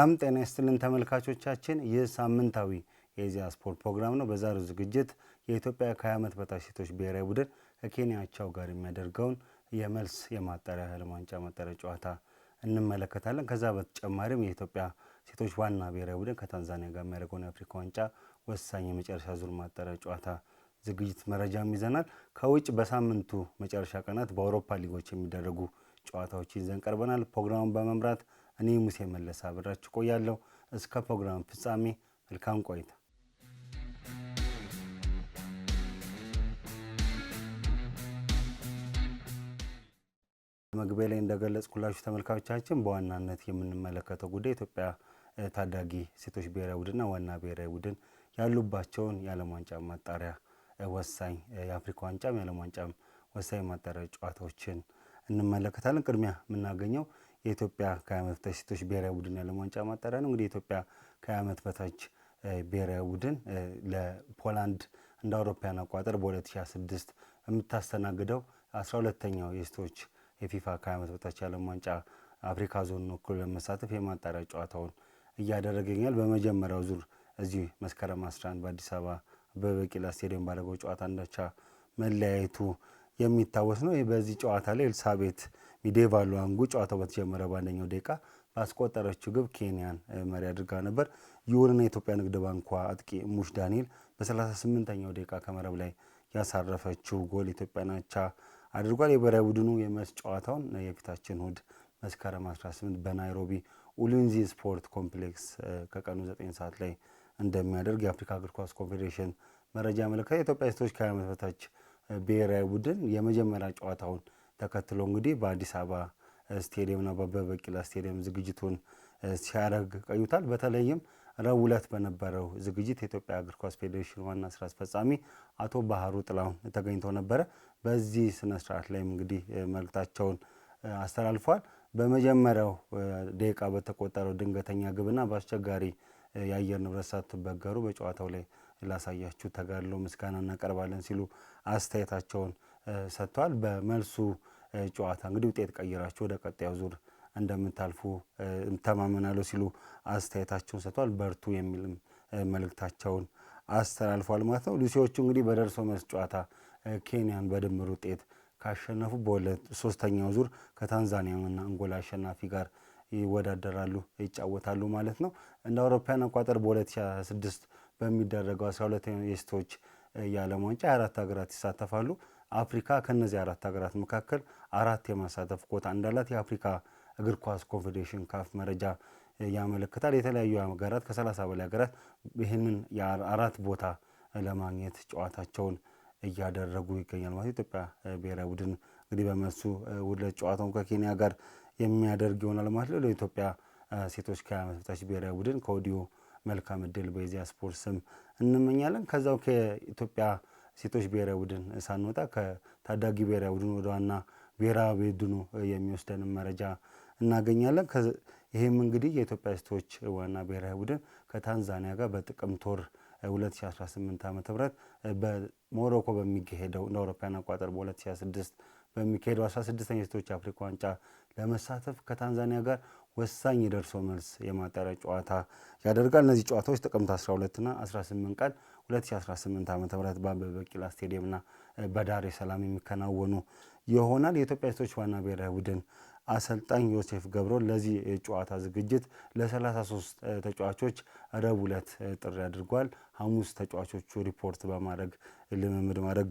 ሰላም ጤና ይስጥልን ተመልካቾቻችን፣ ይህ ሳምንታዊ የኢዜአ ስፖርት ፕሮግራም ነው። በዛሬው ዝግጅት የኢትዮጵያ ከ20 ዓመት በታች ሴቶች ብሔራዊ ቡድን ከኬንያ አቻው ጋር የሚያደርገውን የመልስ የማጣሪያ የዓለም ዋንጫ ማጣሪያ ጨዋታ እንመለከታለን። ከዛ በተጨማሪም የኢትዮጵያ ሴቶች ዋና ብሔራዊ ቡድን ከታንዛኒያ ጋር የሚያደርገውን የአፍሪካ ዋንጫ ወሳኝ የመጨረሻ ዙር ማጣሪያ ጨዋታ ዝግጅት መረጃም ይዘናል። ከውጭ በሳምንቱ መጨረሻ ቀናት በአውሮፓ ሊጎች የሚደረጉ ጨዋታዎች ይዘን ቀርበናል። ፕሮግራሙን በመምራት እኔ ሙሴ መለስ አብራችሁ ቆያለሁ። እስከ ፕሮግራም ፍጻሜ መልካም ቆይታ። መግቢያ ላይ እንደገለጽኩላችሁ ተመልካቾቻችን በዋናነት የምንመለከተው ጉዳይ ኢትዮጵያ ታዳጊ ሴቶች ብሔራዊ ቡድንና ዋና ብሔራዊ ቡድን ያሉባቸውን የዓለም ዋንጫ ማጣሪያ ወሳኝ የአፍሪካ ዋንጫም የዓለም ዋንጫም ወሳኝ ማጣሪያ ጨዋታዎችን እንመለከታለን። ቅድሚያ የምናገኘው የኢትዮጵያ ከዓመት በታች ሴቶች ብሔራዊ ቡድን ያለ ዋንጫ ማጣሪያ ነው። እንግዲህ የኢትዮጵያ ከዓመት በታች ብሔራዊ ቡድን ለፖላንድ እንደ አውሮፓያን አቋጠር በ2026 የምታስተናግደው አስራ ሁለተኛው የሴቶች የፊፋ ከዓመት በታች ያለ ዋንጫ አፍሪካ ዞን ወክሎ ለመሳተፍ የማጣሪያ ጨዋታውን እያደረገ ይገኛል። በመጀመሪያው ዙር እዚህ መስከረም 11 በአዲስ አበባ አበበ ቢቂላ ስቴዲየም ባደረገው ጨዋታ አንዳቻ መለያየቱ የሚታወስ ነው። በዚህ ጨዋታ ላይ ኤልሳቤት ሚዴቫ አንጉ ጨዋታው በተጀመረ በአንደኛው ደቂቃ ባስቆጠረችው ግብ ኬንያን መሪ አድርጋ ነበር። ይሁንና የኢትዮጵያ ንግድ ባንኳ አጥቂ ሙሽ ዳንኤል በ38ኛው ደቂቃ ከመረብ ላይ ያሳረፈችው ጎል ኢትዮጵያን አቻ አድርጓል። የብሔራዊ ቡድኑ የመልስ ጨዋታውን የፊታችን እሁድ መስከረም 18 በናይሮቢ ኡሊንዚ ስፖርት ኮምፕሌክስ ከቀኑ 9 ሰዓት ላይ እንደሚያደርግ የአፍሪካ እግር ኳስ ኮንፌዴሬሽን መረጃ ያመለክታል። የኢትዮጵያ ሴቶች ከ20 ዓመት በታች ብሔራዊ ቡድን የመጀመሪያ ጨዋታውን ተከትሎ እንግዲህ በአዲስ አበባ ስቴዲየምና በአበበ ቢቂላ ስቴዲየም ዝግጅቱን ሲያደርግ ቆይቷል። በተለይም ረቡዕ ዕለት በነበረው ዝግጅት የኢትዮጵያ እግር ኳስ ፌዴሬሽን ዋና ስራ አስፈጻሚ አቶ ባህሩ ጥላሁን ተገኝተው ነበረ። በዚህ ስነ ስርዓት ላይም እንግዲህ መልእክታቸውን አስተላልፏል። በመጀመሪያው ደቂቃ በተቆጠረው ድንገተኛ ግብና በአስቸጋሪ የአየር ንብረት ሳትበገሩ በጨዋታው ላይ ላሳያችሁ ተጋድሎ ምስጋና እናቀርባለን ሲሉ አስተያየታቸውን ሰጥቷል። በመልሱ ጨዋታ እንግዲህ ውጤት ቀይራችሁ ወደ ቀጣዩ ዙር እንደምታልፉ እንተማመናለሁ ሲሉ አስተያየታቸውን ሰጥቷል። በርቱ የሚልም መልእክታቸውን አስተላልፏል ማለት ነው። ሉሲዎቹ እንግዲህ በደርሶ መልስ ጨዋታ ኬንያን በድምር ውጤት ካሸነፉ በሁለት ሶስተኛው ዙር ከታንዛኒያና አንጎላ አሸናፊ ጋር ይወዳደራሉ ይጫወታሉ ማለት ነው። እንደ አውሮፓውያን አቆጣጠር በ2026 በሚደረገው 12ኛ የሴቶች የዓለም ዋንጫ አራት ሀገራት ይሳተፋሉ። አፍሪካ ከነዚህ አራት ሀገራት መካከል አራት የማሳተፍ ኮታ እንዳላት የአፍሪካ እግር ኳስ ኮንፌዴሬሽን ካፍ መረጃ ያመለክታል። የተለያዩ ሀገራት ከ30 በላይ ሀገራት ይህንን የአራት ቦታ ለማግኘት ጨዋታቸውን እያደረጉ ይገኛል ማለት ኢትዮጵያ ብሔራዊ ቡድን እንግዲህ በመሱ ውድለት ጨዋታውን ከኬንያ ጋር የሚያደርግ ይሆናል ማለት ነው። ለኢትዮጵያ ሴቶች ከ20 ዓመት በታች ብሔራዊ ቡድን ከወዲሁ መልካም እድል በኢዜአ ስፖርት ስም እንመኛለን። ከዛው ከኢትዮጵያ ሴቶች ብሔራዊ ቡድን ሳንወጣ ከታዳጊ ብሔራዊ ቡድን ወደ ዋና ብሔራዊ ቡድኑ የሚወስደንም መረጃ እናገኛለን። ይህም እንግዲህ የኢትዮጵያ ሴቶች ዋና ብሔራዊ ቡድን ከታንዛኒያ ጋር በጥቅምት ወር 2018 ዓ ምት በሞሮኮ በሚካሄደው እንደ አውሮፓውያን አቆጣጠር በ2026 በሚካሄደው 16ኛ የሴቶች አፍሪካ ዋንጫ ለመሳተፍ ከታንዛኒያ ጋር ወሳኝ የደርሶ መልስ የማጣሪያ ጨዋታ ያደርጋል። እነዚህ ጨዋታዎች ጥቅምት 12ና 18 ቀን 2018 ዓ ም በአበበ ቢቂላ ስቴዲየምና በዳሬ ሰላም የሚከናወኑ ይሆናል። የኢትዮጵያ ሴቶች ዋና ብሔራዊ ቡድን አሰልጣኝ ዮሴፍ ገብሮ ለዚህ ጨዋታ ዝግጅት ለ33 ተጫዋቾች ረቡዕ ዕለት ጥሪ አድርጓል። ሐሙስ ተጫዋቾቹ ሪፖርት በማድረግ ልምምድ ማድረግ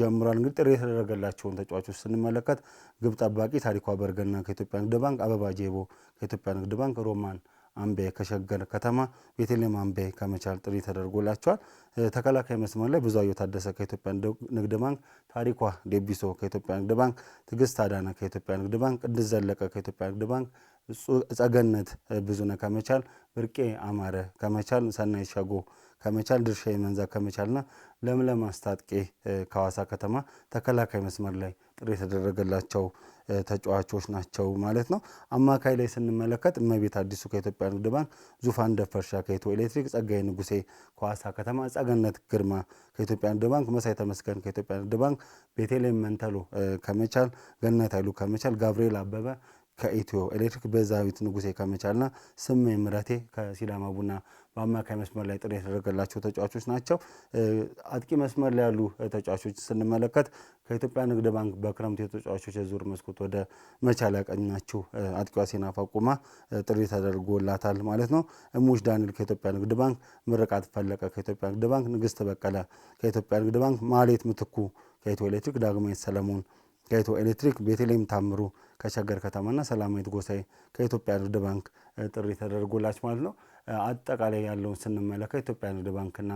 ጀምሯል። እንግዲህ ጥሪ የተደረገላቸውን ተጫዋቾች ስንመለከት ግብ ጠባቂ ታሪኩ አበርገና ከኢትዮጵያ ንግድ ባንክ፣ አበባ ጄቦ ከኢትዮጵያ ንግድ ባንክ፣ ሮማን አምቤ ከሸገር ከተማ ቤተልሔም አምቤ ከመቻል ጥሪ ተደርጎላቸዋል። ተከላካይ መስመር ላይ ብዙአየሁ ታደሰ ከኢትዮጵያ ንግድ ባንክ፣ ታሪኳ ዴቢሶ ከኢትዮጵያ ንግድ ባንክ፣ ትግስት አዳነ ከኢትዮጵያ ንግድ ባንክ፣ ቅድስ ዘለቀ ከኢትዮጵያ ንግድ ባንክ፣ ጸገነት ብዙነ ከመቻል፣ ብርቄ አማረ ከመቻል፣ ሰናይ ሸጎ ከመቻል ድርሻዬን መንዛት ከመቻልና ለምለም አስታጥቄ ከሐዋሳ ከተማ ተከላካይ መስመር ላይ ጥሪ የተደረገላቸው ተጫዋቾች ናቸው ማለት ነው። አማካይ ላይ ስንመለከት እመቤት አዲሱ ከኢትዮጵያ ንግድ ባንክ፣ ዙፋን ደፈርሻ ከኢትዮ ኤሌክትሪክ፣ ጸጋይ ንጉሴ ከሐዋሳ ከተማ፣ ጸገነት ግርማ ከኢትዮጵያ ንግድ ባንክ፣ መሳይ ተመስገን ከኢትዮጵያ ንግድ ባንክ፣ ቤቴሌም መንተሎ ከመቻል፣ ገነት አይሉ ከመቻል፣ ጋብርኤል አበበ ከኢትዮ ኤሌክትሪክ በዛቤት ንጉሴ ከመቻልና ስሜን ምረቴ ከሲዳማ ቡና በአማካይ መስመር ላይ ጥሪ የተደረገላቸው ተጫዋቾች ናቸው። አጥቂ መስመር ላይ ያሉ ተጫዋቾች ስንመለከት ከኢትዮጵያ ንግድ ባንክ በክረምት የተጫዋቾች የዙር መስኮት ወደ መቻል ያቀናችው አጥቂዋ ሴናፋ ፋቁማ ጥሪ ተደርጎላታል ማለት ነው። እሙሽ ዳንኤል ከኢትዮጵያ ንግድ ባንክ፣ ምርቃት ፈለቀ ከኢትዮጵያ ንግድ ባንክ፣ ንግስት በቀለ ከኢትዮጵያ ንግድ ባንክ፣ ማሌት ምትኩ ከኢትዮ ኤሌክትሪክ፣ ዳግማዊት ሰለሞን ከኢትዮ ኤሌክትሪክ፣ ቤተልሔም ታምሩ ከሸገር ከተማና ሰላማዊት ጎሳይ ከኢትዮጵያ ንግድ ባንክ ጥሪ ተደርጎላች ማለት ነው። አጠቃላይ ያለውን ስንመለከት ኢትዮጵያ ንግድ ባንክና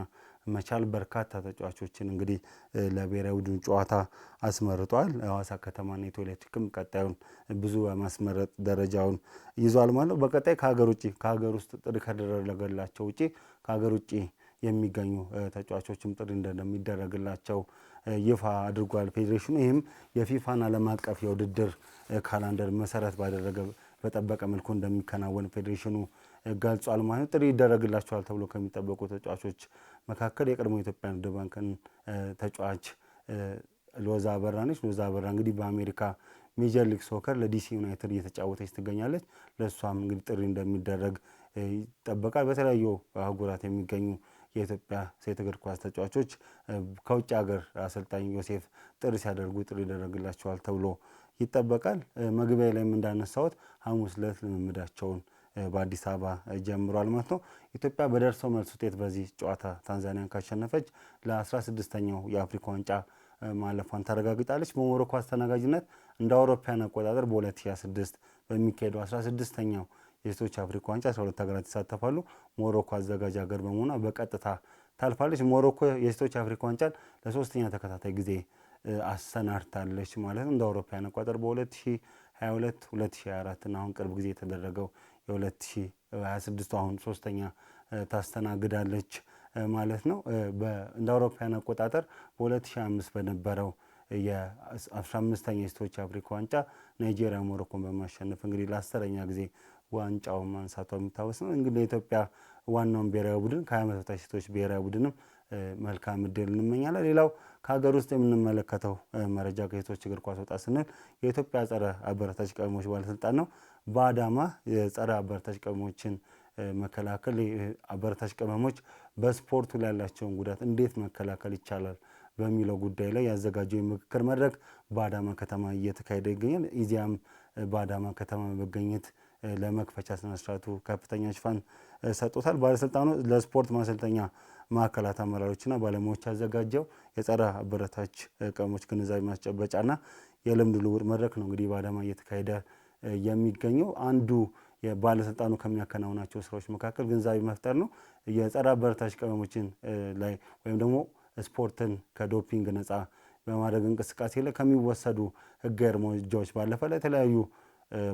መቻል በርካታ ተጫዋቾችን እንግዲህ ለብሔራዊ ቡድን ጨዋታ አስመርጧል። ሐዋሳ ከተማና ኢትዮ ኤሌክትሪክም ቀጣዩን ብዙ የማስመረጥ ደረጃውን ይዟል ማለት ነው። በቀጣይ ከሀገር ውጭ ከሀገር ውስጥ ጥሪ ከደረገላቸው ውጭ ከሀገር ውጭ የሚገኙ ተጫዋቾችም ጥሪ እንደሚደረግላቸው ይፋ አድርጓል ፌዴሬሽኑ። ይህም የፊፋን ዓለም አቀፍ የውድድር ካላንደር መሰረት ባደረገ በጠበቀ መልኩ እንደሚከናወን ፌዴሬሽኑ ገልጿል ማለት ነው። ጥሪ ይደረግላቸዋል ተብሎ ከሚጠበቁ ተጫዋቾች መካከል የቀድሞ የኢትዮጵያ ንግድ ባንክን ተጫዋች ሎዛ አበራ ነች። ሎዛ አበራ እንግዲህ በአሜሪካ ሜጀር ሊግ ሶከር ለዲሲ ዩናይትድ እየተጫወተች ትገኛለች። ለእሷም እንግዲህ ጥሪ እንደሚደረግ ይጠበቃል። በተለያዩ አህጉራት የሚገኙ የኢትዮጵያ ሴት እግር ኳስ ተጫዋቾች ከውጭ ሀገር አሰልጣኝ ዮሴፍ ጥሪ ሲያደርጉ ጥሪ ይደረግላቸዋል ተብሎ ይጠበቃል። መግቢያ ላይም እንዳነሳሁት ሐሙስ ዕለት ልምምዳቸውን በአዲስ አበባ ጀምሯል ማለት ነው። ኢትዮጵያ በደርሶ መልስ ውጤት በዚህ ጨዋታ ታንዛኒያን ካሸነፈች ለ16ኛው የአፍሪካ ዋንጫ ማለፏን ታረጋግጣለች። በሞሮኮ አስተናጋጅነት እንደ አውሮፓያን አቆጣጠር በ2026 በሚካሄደው 16ኛው የሴቶች አፍሪካ ዋንጫ 12 ሀገራት ይሳተፋሉ። ሞሮኮ አዘጋጅ ሀገር በመሆኗ በቀጥታ ታልፋለች። ሞሮኮ የሴቶች አፍሪካ ዋንጫን ለሶስተኛ ተከታታይ ጊዜ አሰናድታለች ማለት ነው። እንደ አውሮፓውያን አቆጣጠር በ2022 2024 እና አሁን ቅርብ ጊዜ የተደረገው የ2026 አሁን ሶስተኛ ታስተናግዳለች ማለት ነው። እንደ አውሮፓውያን አቆጣጠር በ2005 በነበረው የ15ኛ የሴቶች አፍሪካ ዋንጫ ናይጄሪያ ሞሮኮን በማሸነፍ እንግዲህ ለአስረኛ ጊዜ ዋንጫው ማንሳቷ የሚታወስ ነው። እንግዲህ ለኢትዮጵያ ዋናውን ብሔራዊ ቡድን ከሀያ ዓመት በታች ሴቶች ብሔራዊ ቡድንም መልካም እድል እንመኛለን። ሌላው ከሀገር ውስጥ የምንመለከተው መረጃ ከሴቶች እግር ኳስ ወጣ ስንል የኢትዮጵያ ጸረ አበረታች ቅመሞች ባለስልጣን ነው። በአዳማ የጸረ አበረታች ቅመሞችን መከላከል አበረታች ቅመሞች በስፖርቱ ላይ ያላቸውን ጉዳት እንዴት መከላከል ይቻላል በሚለው ጉዳይ ላይ ያዘጋጀው የምክክር መድረክ በአዳማ ከተማ እየተካሄደ ይገኛል። ኢዚያም በአዳማ ከተማ መገኘት ለመክፈቻ ስነስርዓቱ ከፍተኛ ሽፋን ሰጥቶታል። ባለስልጣኑ ለስፖርት ማሰልጠኛ ማዕከላት አመራሮችና ባለሙያዎች ያዘጋጀው የጸረ አበረታች ቀሞች ግንዛቤ ማስጨበጫና የልምድ ልውውጥ መድረክ ነው እንግዲህ በአዳማ እየተካሄደ የሚገኘው አንዱ ባለስልጣኑ ከሚያከናውናቸው ስራዎች መካከል ግንዛቤ መፍጠር ነው። የጸረ አበረታች ቅመሞችን ላይ ወይም ደግሞ ስፖርትን ከዶፒንግ ነጻ በማድረግ እንቅስቃሴ ላይ ከሚወሰዱ ህገ እርምጃዎች ባለፈ ለተለያዩ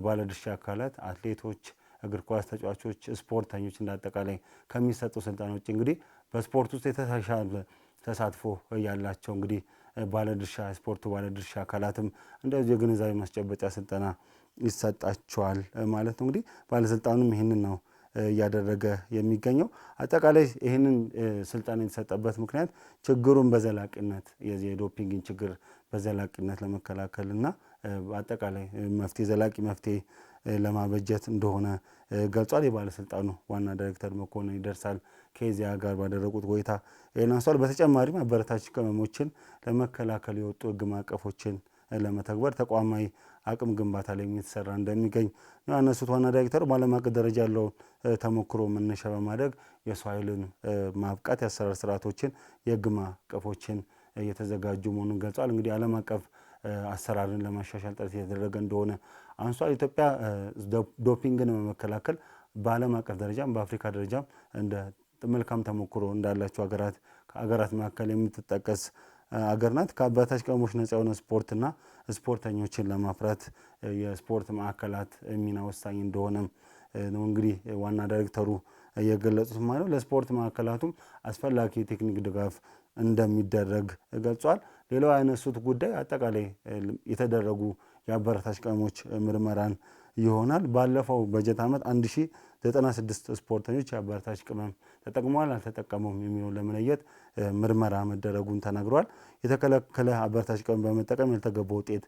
ባለድርሻ አካላት አትሌቶች፣ እግር ኳስ ተጫዋቾች፣ ስፖርተኞች እንዳጠቃላይ ከሚሰጡ ስልጠና ውጭ እንግዲህ በስፖርት ውስጥ የተሻለ ተሳትፎ ያላቸው እንግዲህ ባለድርሻ ስፖርቱ ባለድርሻ አካላትም እንደዚህ የግንዛቤ ማስጨበጫ ስልጠና ይሰጣቸዋል ማለት ነው። እንግዲህ ባለስልጣኑም ይህንን ነው እያደረገ የሚገኘው። አጠቃላይ ይህንን ስልጠና የተሰጠበት ምክንያት ችግሩን በዘላቂነት የዶፒንግን ችግር በዘላቂነት ለመከላከልና በአጠቃላይ መፍትሄ ዘላቂ መፍትሄ ለማበጀት እንደሆነ ገልጿል። የባለስልጣኑ ዋና ዳይሬክተር መኮንን ይደርሳል ከዚያ ጋር ባደረጉት ቆይታ ይህን በተጨማሪም አበረታች ቅመሞችን ለመከላከል የወጡ ህግ ማዕቀፎችን ለመተግበር ተቋማዊ አቅም ግንባታ ላይ የተሰራ እንደሚገኝ ያነሱት። ዋና ዳይሬክተሩ በዓለም አቀፍ ደረጃ ያለውን ተሞክሮ መነሻ በማድረግ የሰው ኃይልን ማብቃት፣ የአሰራር ስርዓቶችን፣ የህግ ማዕቀፎችን እየተዘጋጁ መሆኑን ገልጿል። እንግዲህ ዓለም አቀፍ አሰራርን ለማሻሻል ጥረት እየተደረገ እንደሆነ አንሷል። ኢትዮጵያ ዶፒንግን በመከላከል በዓለም አቀፍ ደረጃም በአፍሪካ ደረጃም እንደ መልካም ተሞክሮ እንዳላቸው ሀገራት ከሀገራት መካከል የምትጠቀስ አገር ናት። ከአበረታች ቀሞች ነጻ የሆነ ስፖርትና ስፖርተኞችን ለማፍራት የስፖርት ማዕከላት ሚና ወሳኝ እንደሆነም ነው እንግዲህ ዋና ዳይሬክተሩ የገለጹት ማለት ለስፖርት ማዕከላቱም አስፈላጊ የቴክኒክ ድጋፍ እንደሚደረግ ገልጿል። ሌላው ያነሱት ጉዳይ አጠቃላይ የተደረጉ የአበረታች ቅመሞች ምርመራን ይሆናል። ባለፈው በጀት ዓመት 1096 ስፖርተኞች የአበረታች ቅመም ተጠቅመዋል አልተጠቀመውም የሚለውን ለመለየት ምርመራ መደረጉን ተነግሯል። የተከለከለ አበረታች ቅመም በመጠቀም ያልተገባ ውጤት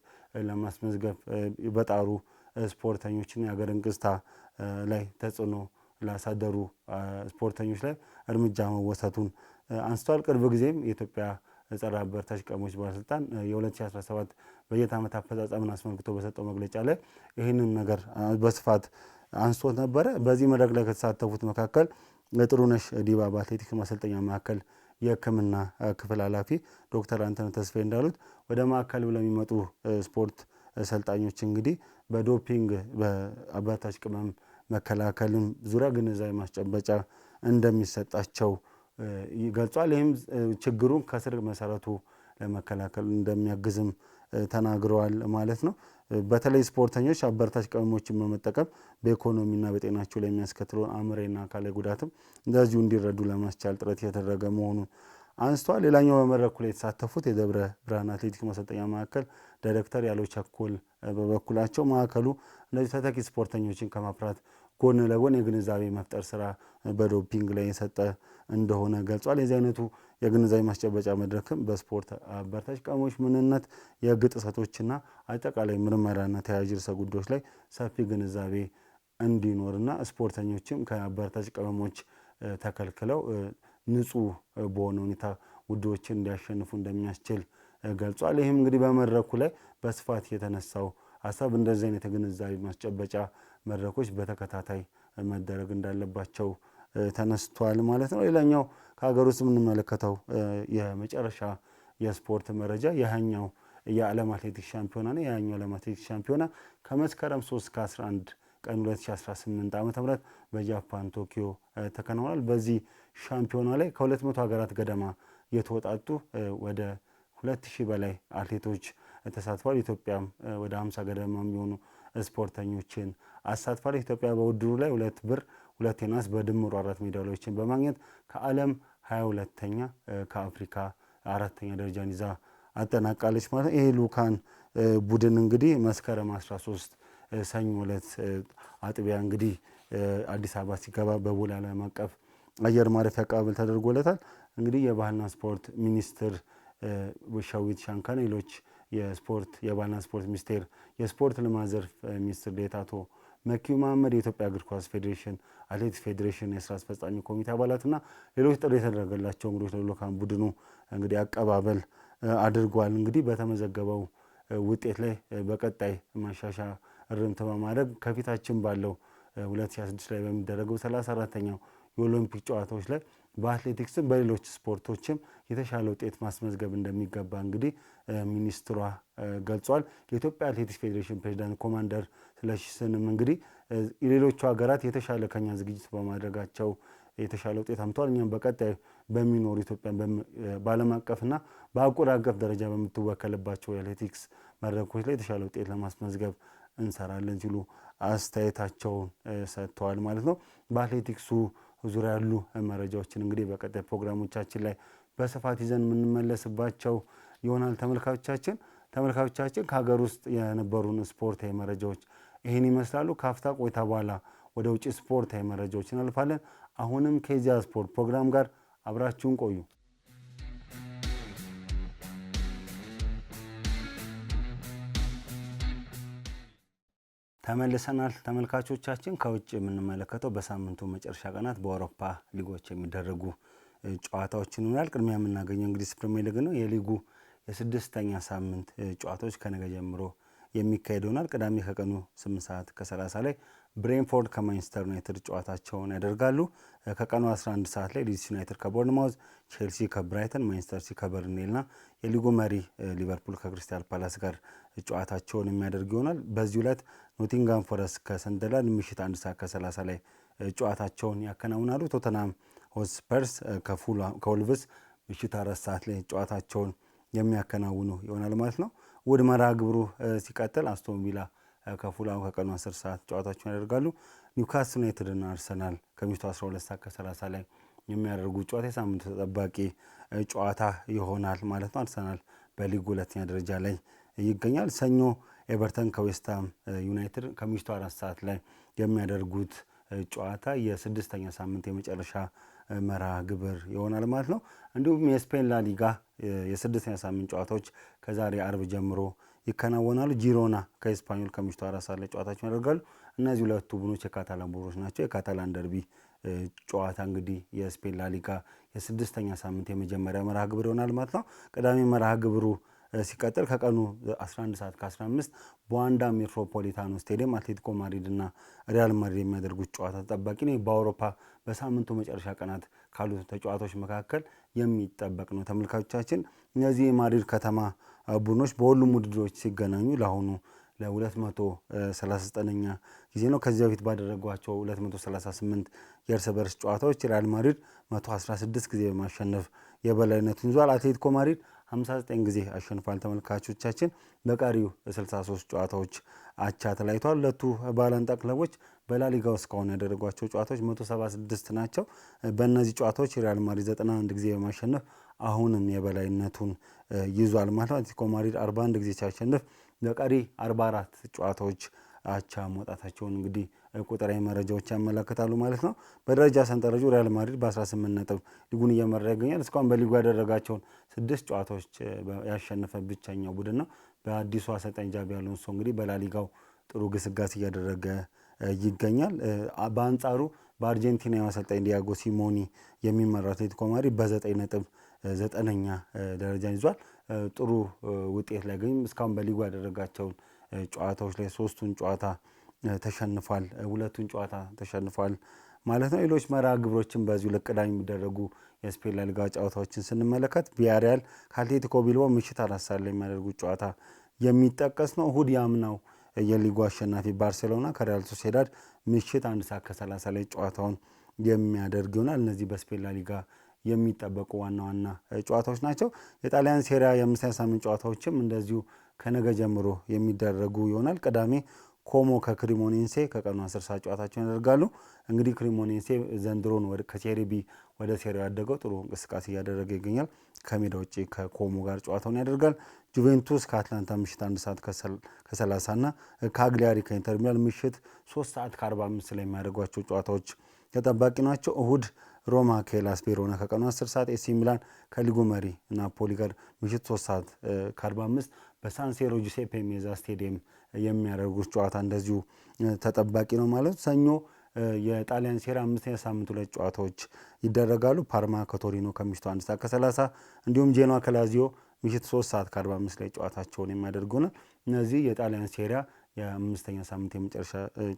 ለማስመዝገብ በጣሩ ስፖርተኞችና የሀገር እንቅስታ ላይ ተጽዕኖ ላሳደሩ ስፖርተኞች ላይ እርምጃ መወሰቱን አንስቷል። ቅርብ ጊዜም የኢትዮጵያ ጸረ አበረታች ቀሞች ባለስልጣን የ2017 በጀት ዓመት አፈጻጸምን አስመልክቶ በሰጠው መግለጫ ላይ ይህንን ነገር በስፋት አንስቶት ነበረ። በዚህ መድረክ ላይ ከተሳተፉት መካከል ጥሩነሽ ዲባ አትሌቲክስ ማሰልጠኛ ማዕከል የሕክምና ክፍል ኃላፊ ዶክተር አንተነ ተስፋዬ እንዳሉት ወደ ማዕከል ለሚመጡ ስፖርት ሰልጣኞች እንግዲህ በዶፒንግ በአበረታች ቅመም መከላከልም ዙሪያ ግንዛቤ ማስጨበጫ እንደሚሰጣቸው ይገልጿል። ይህም ችግሩን ከስር መሰረቱ ለመከላከል እንደሚያግዝም ተናግረዋል ማለት ነው። በተለይ ስፖርተኞች አበረታች ቅመሞችን በመጠቀም በኢኮኖሚና በጤናቸው ላይ የሚያስከትለውን አእምሯዊና አካላዊ ጉዳትም እንደዚሁ እንዲረዱ ለማስቻል ጥረት የተደረገ መሆኑን አንስተዋል። ሌላኛው በመድረኩ ላይ የተሳተፉት የደብረ ብርሃን አትሌቲክ ማሰልጠኛ ማዕከል ዳይሬክተር ያለው ቸኮል በበኩላቸው ማዕከሉ እነዚህ ተተኪ ስፖርተኞችን ከማፍራት ጎን ለጎን የግንዛቤ መፍጠር ስራ በዶፒንግ ላይ የሰጠ እንደሆነ ገልጿል። የዚህ አይነቱ የግንዛቤ ማስጨበጫ መድረክም በስፖርት አበረታች ቀሞች ምንነት፣ የሕግ ጥሰቶችና አጠቃላይ ምርመራና ተያያዥ ርዕሰ ጉዳዮች ላይ ሰፊ ግንዛቤ እንዲኖርና ስፖርተኞችም ከአበረታች ቅመሞች ተከልክለው ንጹህ በሆነ ሁኔታ ውድድሮችን እንዲያሸንፉ እንደሚያስችል ገልጿል። ይህም እንግዲህ በመድረኩ ላይ በስፋት የተነሳው ሀሳብ እንደዚህ አይነት የግንዛቤ ማስጨበጫ መድረኮች በተከታታይ መደረግ እንዳለባቸው ተነስቷል ማለት ነው። ሌላኛው ከሀገር ውስጥ የምንመለከተው የመጨረሻ የስፖርት መረጃ የሃያኛው የዓለም አትሌቲክስ ሻምፒዮና ነው። የሃያኛው የዓለም አትሌቲክስ ሻምፒዮና ከመስከረም 3 ከ11 ቀን 2018 ዓ ም በጃፓን ቶኪዮ ተከናውኗል። በዚህ ሻምፒዮና ላይ ከ200 ሀገራት ገደማ የተወጣጡ ወደ 2000 በላይ አትሌቶች ተሳትፏል። ኢትዮጵያም ወደ 50 ገደማ የሚሆኑ ስፖርተኞችን አሳትፋል። ኢትዮጵያ በውድድሩ ላይ ሁለት ብር፣ ሁለት የነሐስ በድምሩ አራት ሜዳሊያዎችን በማግኘት ከዓለም ሀያ ሁለተኛ ከአፍሪካ አራተኛ ደረጃን ይዛ አጠናቃለች ማለት ነው። ይሄ ልኡካን ቡድን እንግዲህ መስከረም 13 ሰኞ ዕለት አጥቢያ እንግዲህ አዲስ አበባ ሲገባ በቦሌ ዓለም አቀፍ አየር ማረፊያ አቀባበል ተደርጎለታል። እንግዲህ የባህልና ስፖርት ሚኒስትር ሸዊት ሻንካ ሌሎች የስፖርት የባህልና ስፖርት ሚኒስቴር የስፖርት ልማት ዘርፍ ሚኒስትር ዴኤታ አቶ መኪዩ መሐመድ፣ የኢትዮጵያ እግር ኳስ ፌዴሬሽን፣ አትሌቲክስ ፌዴሬሽን የስራ አስፈጻሚ ኮሚቴ አባላትና ሌሎች ጥሪ የተደረገላቸው እንግዶች ለልኡካን ቡድኑ እንግዲህ አቀባበል አድርጓል። እንግዲህ በተመዘገበው ውጤት ላይ በቀጣይ ማሻሻ እርምት በማድረግ ከፊታችን ባለው 2026 ላይ በሚደረገው 34ተኛው የኦሎምፒክ ጨዋታዎች ላይ በአትሌቲክስም በሌሎች ስፖርቶችም የተሻለ ውጤት ማስመዝገብ እንደሚገባ እንግዲህ ሚኒስትሯ ገልጿል። የኢትዮጵያ አትሌቲክስ ፌዴሬሽን ፕሬዚዳንት ኮማንደር ስለሺ እንግዲህ ሌሎቹ ሀገራት የተሻለ ከኛ ዝግጅት በማድረጋቸው የተሻለ ውጤት አምተዋል። እኛም በቀጣይ በሚኖሩ ኢትዮጵያ በዓለም አቀፍና በአህጉር አቀፍ ደረጃ በምትወከልባቸው የአትሌቲክስ መድረኮች ላይ የተሻለ ውጤት ለማስመዝገብ እንሰራለን ሲሉ አስተያየታቸውን ሰጥተዋል ማለት ነው። በአትሌቲክሱ ዙሪያ ያሉ መረጃዎችን እንግዲህ በቀጣይ ፕሮግራሞቻችን ላይ በስፋት ይዘን የምንመለስባቸው ይሆናል። ተመልካቾቻችን ተመልካቾቻችን ከሀገር ውስጥ የነበሩን ስፖርታዊ መረጃዎች ይህን ይመስላሉ። ከአፍታ ቆይታ በኋላ ወደ ውጭ ስፖርታዊ መረጃዎች እናልፋለን። አሁንም ከዚያ ስፖርት ፕሮግራም ጋር አብራችሁን ቆዩ። ተመልሰናል ተመልካቾቻችን። ከውጭ የምንመለከተው በሳምንቱ መጨረሻ ቀናት በአውሮፓ ሊጎች የሚደረጉ ጨዋታዎችን ይሆናል። ቅድሚያ የምናገኘው እንግዲህ ፕሪሚየር ሊግ ነው። የሊጉ የስድስተኛ ሳምንት ጨዋታዎች ከነገ ጀምሮ የሚካሄድ ይሆናል። ቅዳሜ ከቀኑ 8 ሰዓት ከሰላሳ ላይ ብሬንፎርድ ከማንቸስተር ዩናይትድ ጨዋታቸውን ያደርጋሉ። ከቀኑ 11 ሰዓት ላይ ሊድስ ዩናይትድ ከቦርንማውዝ፣ ቼልሲ ከብራይተን፣ ማንቸስተር ሲቲ ከበርንሌና የሊጉ መሪ ሊቨርፑል ከክሪስታል ፓላስ ጋር ጨዋታቸውን የሚያደርግ ይሆናል። በዚህ ዕለት ኖቲንጋም ፎረስት ከሰንደርላንድ ምሽት አንድ ሰዓት ከ30 ላይ ጨዋታቸውን ያከናውናሉ። ቶተናም ሆትስፐርስ ከወልቭስ ምሽት አራት ሰዓት ላይ ጨዋታቸውን የሚያከናውኑ ይሆናል ማለት ነው። ውድ መርሃ ግብሩ ሲቀጥል አስቶን ቪላ ከፉላም ከቀኑ 10 ሰዓት ጨዋታቸውን ያደርጋሉ። ኒውካስል ዩናይትድ እና አርሰናል ከምሽቱ 12 ሰዓት ከ30 ላይ የሚያደርጉት ጨዋታ የሳምንቱ ተጠባቂ ጨዋታ ይሆናል ማለት ነው። አርሰናል በሊጉ ሁለተኛ ደረጃ ላይ ይገኛል። ሰኞ ኤቨርተን ከዌስትሃም ዩናይትድ ከምሽቱ አራት ሰዓት ላይ የሚያደርጉት ጨዋታ የስድስተኛ ሳምንት የመጨረሻ መራ ግብር ይሆናል ማለት ነው። እንዲሁም የስፔን ላሊጋ የስድስተኛ ሳምንት ጨዋታዎች ከዛሬ አርብ ጀምሮ ይከናወናሉ። ጂሮና ከስፓኞል ከምሽቱ አራት ሰዓት ላይ ጨዋታቸውን ያደርጋሉ። እነዚህ ሁለቱ ቡድኖች የካታላን ቡድኖች ናቸው። የካታላን ደርቢ ጨዋታ እንግዲህ የስፔን ላሊጋ የስድስተኛ ሳምንት የመጀመሪያ መርሃ ግብር ይሆናል ማለት ነው። ቅዳሜ መርሃ ግብሩ ሲቀጥል ከቀኑ 11 ሰዓት ከ15 በዋንዳ ሜትሮፖሊታኖ ስቴዲየም አትሌቲኮ ማድሪድ እና ሪያል ማድሪድ የሚያደርጉት ጨዋታ ተጠባቂ ነው። በአውሮፓ በሳምንቱ መጨረሻ ቀናት ካሉት ተጫዋቾች መካከል የሚጠበቅ ነው። ተመልካቾቻችን እነዚህ የማድሪድ ከተማ ቡድኖች በሁሉም ውድድሮች ሲገናኙ ለአሁኑ ለ239ኛ ጊዜ ነው። ከዚህ በፊት ባደረጓቸው 238 የእርስ በርስ ጨዋታዎች ሪያል ማድሪድ 116 ጊዜ በማሸነፍ የበላይነቱን ይዟል። አትሌቲኮ ማድሪድ 59 ጊዜ አሸንፏል። ተመልካቾቻችን በቀሪው 63 ጨዋታዎች አቻ ተለያይተዋል። ሁለቱ ባላንጣ ክለቦች በላሊጋው እስካሁን ያደረጓቸው ጨዋታዎች 176 ናቸው። በእነዚህ ጨዋታዎች ሪያል ማድሪድ 91 ጊዜ በማሸነፍ አሁንም የበላይነቱን ይዟል ማለት ነው። አትሌቲኮ ማድሪድ 41 ጊዜ ሲያሸንፍ በቀሪ 44 ጨዋታዎች አቻ መውጣታቸውን እንግዲህ ቁጥራዊ መረጃዎች ያመለክታሉ ማለት ነው። በደረጃ ሰንጠረዡ ሪያል ማድሪድ በ18 ነጥብ ሊጉን እየመራ ይገኛል። እስካሁን በሊጉ ያደረጋቸውን ስድስት ጨዋታዎች ያሸነፈ ብቸኛው ቡድን ነው። በአዲሱ አሰልጣኝ ጃቢ አሎንሶ እንግዲህ በላሊጋው ጥሩ ግስጋሴ እያደረገ ይገኛል። በአንጻሩ በአርጀንቲና አሰልጣኝ ዲያጎ ሲሞኒ የሚመራው አትሌቲኮ ማድሪድ በዘጠኝ ነጥብ ዘጠነኛ ደረጃን ይዟል። ጥሩ ውጤት ላይ እስካሁን በሊጉ ያደረጋቸውን ጨዋታዎች ላይ ሶስቱን ጨዋታ ተሸንፏል፣ ሁለቱን ጨዋታ ተሸንፏል ማለት ነው። ሌሎች መርሃ ግብሮችን በዚሁ ልክ የሚደረጉ የስፔን ላሊጋ ጨዋታዎችን ስንመለከት ቪያሪያል ከአትሌቲኮ ቢልቦ ምሽት አራት ሰዓት ላይ የሚያደርጉት ጨዋታ የሚጠቀስ ነው። እሁድ ያምናው የሊጉ አሸናፊ ባርሴሎና ከሪያል ሶሴዳድ ምሽት አንድ ሰዓት ከሰላሳ ላይ ጨዋታውን የሚያደርግ ይሆናል። እነዚህ በስፔን ላሊጋ የሚጠበቁ ዋና ዋና ጨዋታዎች ናቸው። የጣሊያን ሴሪያ የአምስተኛ ሳምንት ጨዋታዎችም እንደዚሁ ከነገ ጀምሮ የሚደረጉ ይሆናል። ቅዳሜ ኮሞ ከክሪሞኔንሴ ከቀኑ አስር ሰዓት ጨዋታቸውን ያደርጋሉ። እንግዲህ ክሪሞኔንሴ ዘንድሮን ከሴሪ ቢ ወደ ሴሪያ ያደገው ጥሩ እንቅስቃሴ እያደረገ ይገኛል። ከሜዳ ውጭ ከኮሞ ጋር ጨዋታውን ያደርጋል። ጁቬንቱስ ከአትላንታ ምሽት አንድ ሰዓት ከሰላሳ እና ከአግሊያሪ ከኢንተር ሚላን ምሽት ሶስት ሰዓት ከአርባ አምስት ላይ የሚያደርጓቸው ጨዋታዎች ተጠባቂ ናቸው። እሁድ ሮማ ከላስ ቬሮና ከቀኑ 10 ሰዓት፣ ኤሲ ሚላን ከሊጉ መሪ ናፖሊ ጋር ምሽት 3 ሰዓት ከ45 በሳንሴሮ ጁሴፔ ሜዛ ስቴዲየም የሚያደርጉት ጨዋታ እንደዚሁ ተጠባቂ ነው ማለት ሰኞ የጣሊያን ሴራ አምስተኛ ሳምንት ሁለት ጨዋታዎች ይደረጋሉ። ፓርማ ከቶሪኖ ከምሽቱ አንድ ሰዓት ከ30 እንዲሁም ጄኗ ከላዚዮ ምሽት 3 ሰዓት ከ45 ላይ ጨዋታቸውን የሚያደርጉ ነው። እነዚህ የጣሊያን ሴሪያ የአምስተኛ ሳምንት የመጨረሻ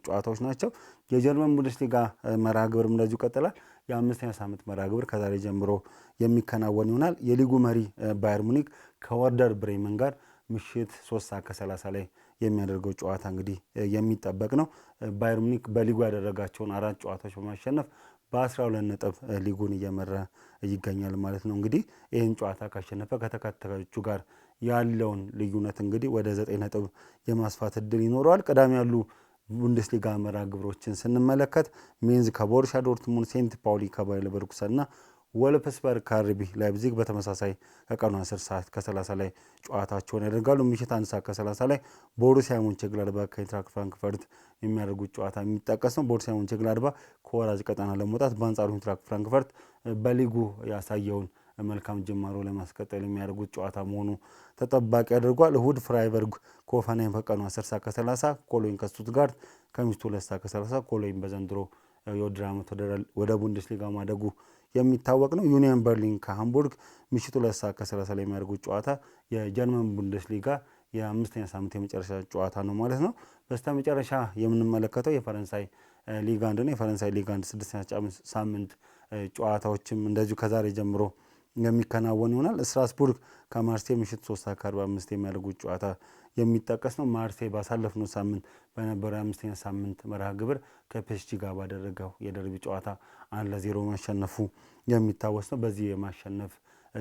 ጨዋታዎች ናቸው። የጀርመን ቡንደስሊጋ መርሃ ግብር እንደዚሁ ይቀጥላል። የአምስተኛ ሳምንት መርሃ ግብር ከዛሬ ጀምሮ የሚከናወን ይሆናል። የሊጉ መሪ ባየር ሙኒክ ከወርደር ብሬመን ጋር ምሽት ሶስት ሰዓት ከሰላሳ ላይ የሚያደርገው ጨዋታ እንግዲህ የሚጠበቅ ነው። ባየር ሙኒክ በሊጉ ያደረጋቸውን አራት ጨዋታዎች በማሸነፍ በአስራ ሁለት ነጥብ ሊጉን እየመራ ይገኛል ማለት ነው። እንግዲህ ይህን ጨዋታ ካሸነፈ ከተከታዮቹ ጋር ያለውን ልዩነት እንግዲህ ወደ ዘጠኝ ነጥብ የማስፋት እድል ይኖረዋል። ቀዳሚ ያሉ ቡንደስሊጋ መርሃ ግብሮችን ስንመለከት ሜንዝ ከቦርሻ ዶርትሙን፣ ሴንት ፓውሊ ከባየር ሌቨርኩሰን እና ወልፕስበርግ ከአርቢ ላይፕዚግ በተመሳሳይ ከቀኑ 10 ሰዓት ከ30 ላይ ጨዋታቸውን ያደርጋሉ። ምሽት አንድ ሰዓት ከ30 ላይ ቦሩሲያ ሞንቸንግላድባ ከኢንትራክት ፍራንክፈርት የሚያደርጉት ጨዋታ የሚጠቀስ ነው። ቦሩሲያ ሞንቸንግላድባ ከወራጅ ቀጠና ለመውጣት በአንጻሩ ኢንትራክት ፍራንክፈርት በሊጉ ያሳየውን መልካም ጅማሮ ለማስቀጠል የሚያደርጉት ጨዋታ መሆኑ ተጠባቂ አድርጓል። እሁድ ፍራይበርግ ከሆፈንሃይም ከቀኑ 10 ሰዓት ከ30፣ ኮሎኝ ከስቱትጋርት ከሚስቱ 2 ሰዓት ከ30። ኮሎኝ በዘንድሮ የውድድር ዓመት ወደ ቡንደስሊጋ ማደጉ የሚታወቅ ነው። ዩኒየን በርሊን ከሃምቡርግ ምሽቱ 2 ሰዓት ከ30 ላይ የሚያደርጉት ጨዋታ የጀርመን ቡንደስሊጋ የአምስተኛ ሳምንት የመጨረሻ ጨዋታ ነው ማለት ነው። በስተ መጨረሻ የምንመለከተው የፈረንሳይ ሊግ አንድ ነው። የፈረንሳይ ሊግ አንድ ስድስተኛ ሳምንት ጨዋታዎችም እንደዚሁ ከዛሬ ጀምሮ የሚከናወን ይሆናል። ስትራስቡርግ ከማርሴ ምሽት 3 ሰዓት ከ45 የሚያደርጉት ጨዋታ የሚጠቀስ ነው። ማርሴ ባሳለፍነው ሳምንት በነበረው የአምስተኛ ሳምንት መርሃ ግብር ከፔስጂ ጋር ባደረገው የደርቢ ጨዋታ አንድ ለዜሮ ማሸነፉ የሚታወስ ነው። በዚህ የማሸነፍ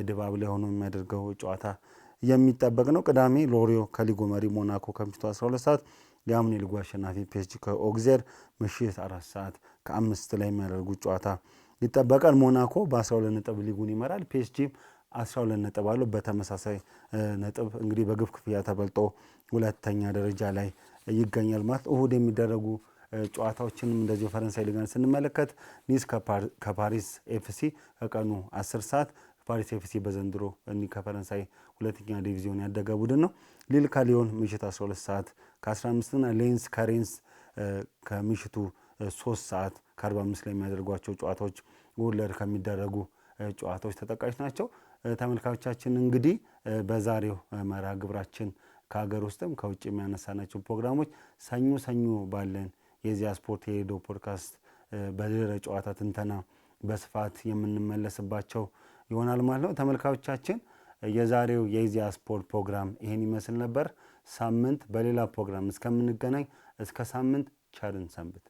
ድባብ ላይ ሆኖ የሚያደርገው ጨዋታ የሚጠበቅ ነው። ቅዳሜ ሎሪዮ ከሊጉ መሪ ሞናኮ ከምሽቱ 12 ሰዓት የአምኔ ሊጉ አሸናፊ ፔስጂ ከኦግዜር ምሽት አራት ሰዓት ከአምስት ላይ የሚያደርጉት ጨዋታ ይጠበቃል። ሞናኮ በ12 ነጥብ ሊጉን ይመራል። ፒኤስጂም 12 ነጥብ አለው። በተመሳሳይ ነጥብ እንግዲህ በግብ ክፍያ ተበልጦ ሁለተኛ ደረጃ ላይ ይገኛል ማለት እሁድ የሚደረጉ ጨዋታዎችንም እንደዚሁ ፈረንሳይ ሊጋን ስንመለከት ኒስ ከፓሪስ ኤፍሲ ከቀኑ 10 ሰዓት ፓሪስ ኤፍሲ በዘንድሮ እኒ ከፈረንሳይ ሁለተኛ ዲቪዚዮን ያደገ ቡድን ነው። ሊል ከሊዮን ምሽት 12 ሰዓት ከ15 እና ሌንስ ከሬንስ ከምሽቱ 3 ሰዓት ከአርባ አምስት ላይ የሚያደርጓቸው ጨዋታዎች ውለድ ከሚደረጉ ጨዋታዎች ተጠቃሽ ናቸው። ተመልካቾቻችን እንግዲህ በዛሬው መርሃ ግብራችን ከሀገር ውስጥም ከውጭ የሚያነሳናቸው ፕሮግራሞች ሰኞ ሰኞ ባለን የዚያ ስፖርት የሄዶ ፖድካስት በድረ ጨዋታ ትንተና በስፋት የምንመለስባቸው ይሆናል ማለት ነው። ተመልካቾቻችን የዛሬው የኢዜአ ስፖርት ፕሮግራም ይህን ይመስል ነበር። ሳምንት በሌላ ፕሮግራም እስከምንገናኝ እስከ ሳምንት ቸርን ሰንብት።